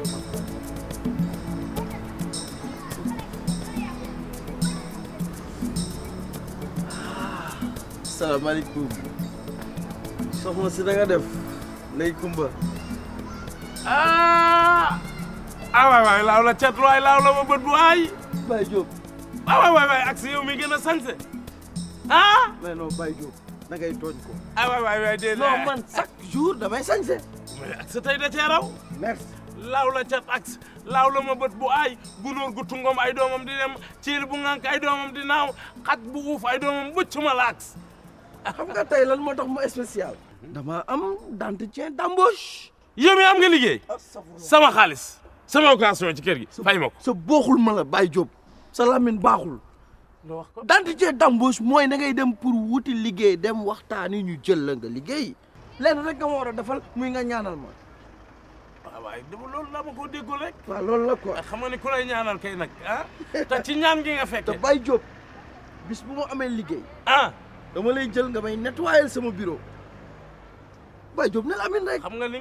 asalaamaaleykum soxna si da nga def ndey kumba ah, ah waay waay laaw la cat waay laaw la ma bët bu aay Baye Diop ah waay waay ak si yow mi gën a sañse ah mais non Baye Diop da ngay tooñ ko ah waay waay waay dee non man chaque jour damay sañse ak sa tey da cee law la cat axe law la ma beut bu ay gunor gu tungom ay domam di dem ciil bu ngank ay domam di naw xat bu uuf ay domam wëcc ma ah, xam nga tay lan motax mo ma dama am d'entretien d'embauche yow mi am nga liggey ah, sama xaalis sama occasion ci kër gi fay mako so sa mala ma la Baye sa lamine baaxul d'entretien d'embauche moy da ngay dem pour wuti liggey dem waxtani ñu jël la nga liggey leen rek nga wara defal muy nga ñaanal ma waaye loolu dama koo déggul rek. waaw loolu la quoi ah, xam nga ni ku job, ñaanal kay nag ah. te ci ñaan gi nga fekkee. te Baye Diop bis ma ah. amin rek. xam nga li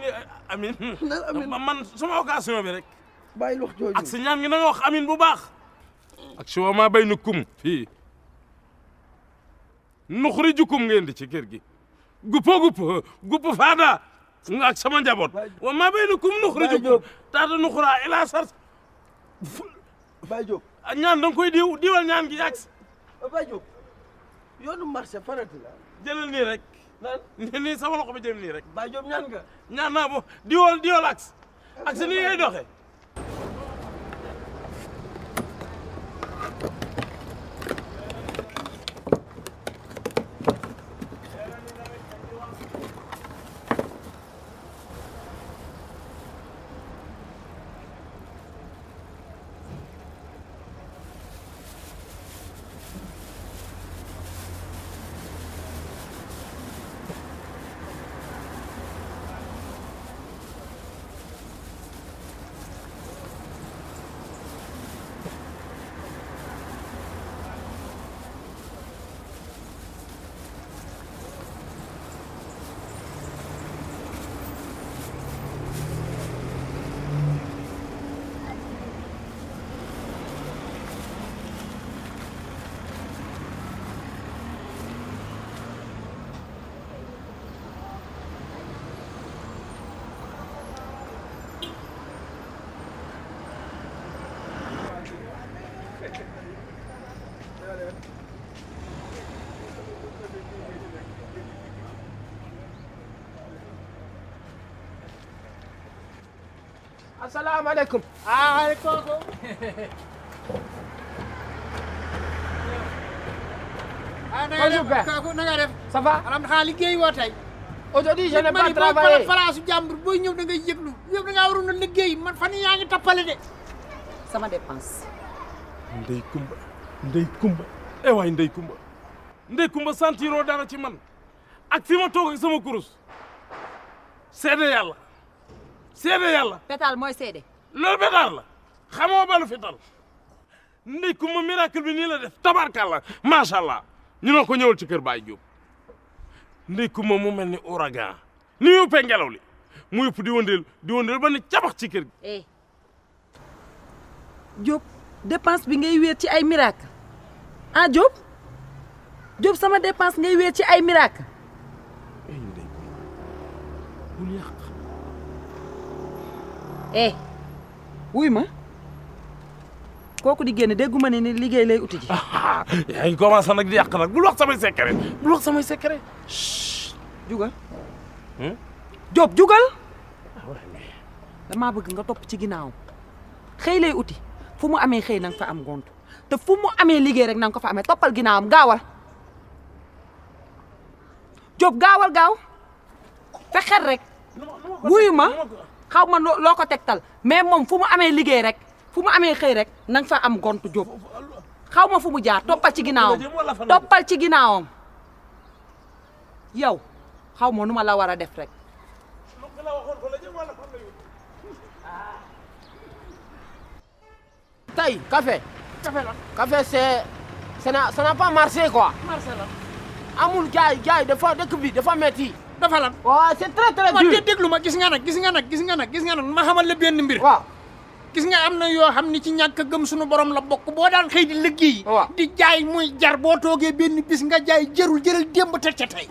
amin. nel amin man sama occasion bi rek. bàyyil wax jooju amin bu baax. ak si bay nu kum fii nuxuri di ci kër gi. guppo gupp nga ak sama njaboot. wa maa baynakum nuxrijukum taata nuxuraa ilaa sars. Baye Diop ak ñaan da nga koy diw diwal ñaan gi àggsi. Baye Diop yoonu marché farati la. jëlal nii rek. lan nii sama loxo bi jël nii rek. Baye Diop ñaan nga. bo diwal diwal àggsi. àggsi nii ngay doxee. asalaamaaleykum. waaleykum salaam. bonjour père kooku na nga def. ça va woo tey. aujourd'hui je n'ai pas travaillé place jàmbur booy ñëw da ngay yëglu yow da ngaa waroon a fan yaa ngi tappale de. sama dépense. ndey kumba ndey kumba eh ndey kumba ndey kumba sentiroo dara ci man ak fi ma toog sama kurus seede yàlla. seede yàlla. pétale mooy seede. loolu pétale la xamoo balu fital ndey ku ma bi nii la def tabarkalla macha allah ñu ne ko ñëwal ci kër Baye Diop ndey ku mu mel ni ouragan ni mu ëppee li mu yëpp di wëndeel di wëndeel ba ne cabax ci kër gi. Eh. Diop dépense bi ngay wéer ci ay miracle ah Diop Diop sama dépense ngay wéer ci ay miracle. Eh, eh wuy ma kooku di génn dégguma ne ni liggéey lay uti ji. yaa ngi commencé nag di yàq nag bul wax samay secret bul wax samay jugal. Diop hmm? jugal. Ah, damaa bëgg nga topp ci ginnaaw xëy lay uti fu mu amee xëy na am gont te fu mu amee liggéey rek nang ko fa amee toppal ginnaawam gaawal. Diop gaawal gaaw fexeel rek wuyu ma. xaw ma loo ko tegtal mais moom fu mu amee liggéey rek fu mu amee xëy rek na nga fa am gont jóob xaw ma fu mu jaar toppal ci ginnaawam toppal ci ginnaawam yow xaw ma nu ma la war a def rek. tey kafe kafe la café c'est ça n'a ça n'a pas marché quoi. marché la amul jaay jaay dafa dëkk bi dafa metti dafa lan c'est très très dur ma gis nga nag gis nga nag gis nga nag gis nga nag ma xamal la benn mbir waaw gis nga ci gëm suñu borom la bokk boo daan di liggéey di jaay muy jar boo toogee benn bis nga jaay jërul jëral démb teg ca tey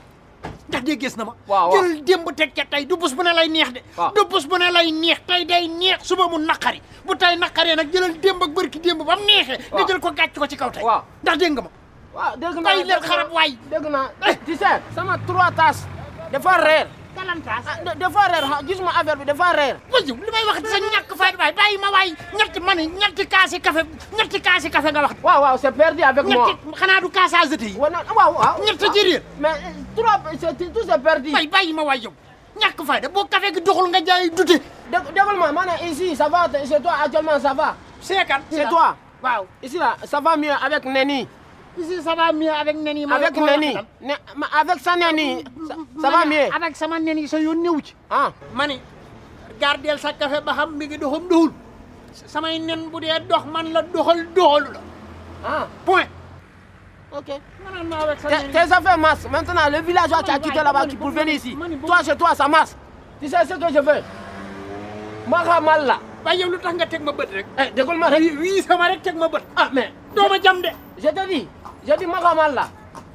ndax dee gis na ma jërul démb teg ca tey du bus bu ne lay neex de du bus bu ne lay neex tey day neex suba mu naqari bu tey naqaree nag jëlal démb ak nga jël ko ko ci kaw ndax nga ma xarab eh, sama trois tâches dafa reer. dalantaas ah dafa reer gisuma affaire bi dafa reer. wëy li may wax sa ñàkk fay waay bàyyi ma waay ñetti man ñetti kaasi café ñetti kaasi café nga wax. waaw waaw c'est perdu avec moi. ñetti xanaa du kaas à zëte yi. waaw waaw ñetti ci réer. mais eh, trop c'est tout c'est perdu. waay bàyyi ma waay yow ñàkk fayda boo café gi doxul nga jaay dute. dé déggul ma maanaam ici ça va chez toi actuellement ça va. c'est kan c'est toi waaw ici là ça va mieux avec Neni. Ici, ça va mieux Neni. avec sa Neni. ça va mieux avec sama Neni sa yoon ñëw ci. ah ma ni gardeel sa café ba xam mi ngi doxam doxul. samay nen bu man ah. sa doxal le villageois qui a quitté là-bas pour venir ici toi chez toi ça marche. tu sais ma xamal la. waaye yow lu tax nga teg ma bët rek. eh déggul ma rek. wii sama rek teg ma bët. ah jam de. je te je dis makamal la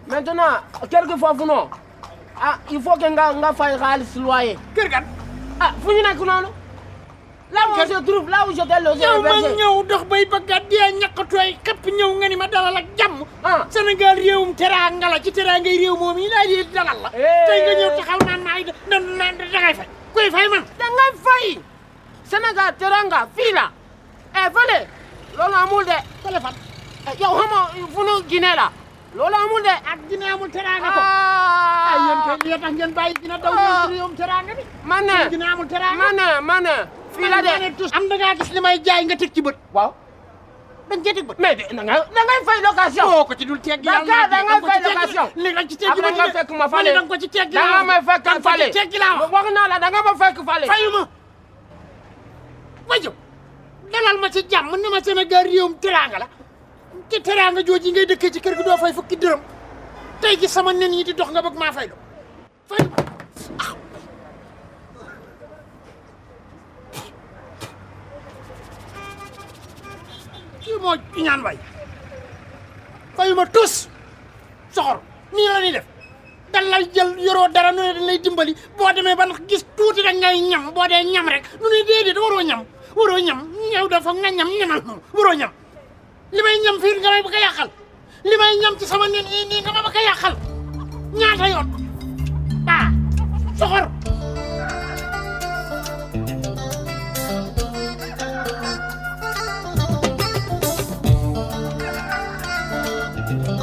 maintenant quelque fois fu il faut que nga nga fay xaalis loyer. kër gan ah fu ñu nekk noonu. là où je trouve là où ma ñëw dox bay bëgg a dee ñàkkatooy képp ñëw nga ma dalal ak jàmm. ah Sénégal réewum teraanga la ci teraangay moom yi laa di dalal la. Eh. tey nga ñëw taxaw naan maa ngi da naan dangay fay. kuy fay man dangay fay. Sénégal teraanga fii la. eh fële loolu amul de téléphone. Eh, yow xamoo fu nu Guinée la loolu amul de ak Guinée amul teraanga ko ah. ay yéen kay li tax ngeen bàyyi Guinée daw yéen ci réewum teraanga bi ah. man na Guinée amul teraanga man na man na fii la de am da ngaa gis li may jaay nga teg ci bët waaw da nga cee teg bët mais de da ngay fay location boo ko ci dul teggi yàlla da nga fay location li nga ci teggi bët nga fekk ma fale da nga ko ci teggi da nga may fekk fale teggi la wax naa la da nga ma fekk fale fayuma wajo dalal ma ci jàmm ne ma Sénégal réewum teraanga la ci teraanga joji ngay dekk ci kër gi do fay fukki dërëm tay gi sama nen yi di dox nga bëgg ma fay do fay kii mo ñaan way ma tous soxor ni la ni def dan la jël yoro dara nu ne dañ lay dimbali bo demee ban gis touti rek ngay ñam bo dé ñam rek nu dédé déedéet waro ñam waro ñam ñëw dafa nga ñam ñamal waro ñam limay ñam fiir nga may bëgg a limay ñam ci sama nen ini nga ma bëgg a ñaata yoon ba soxor thank you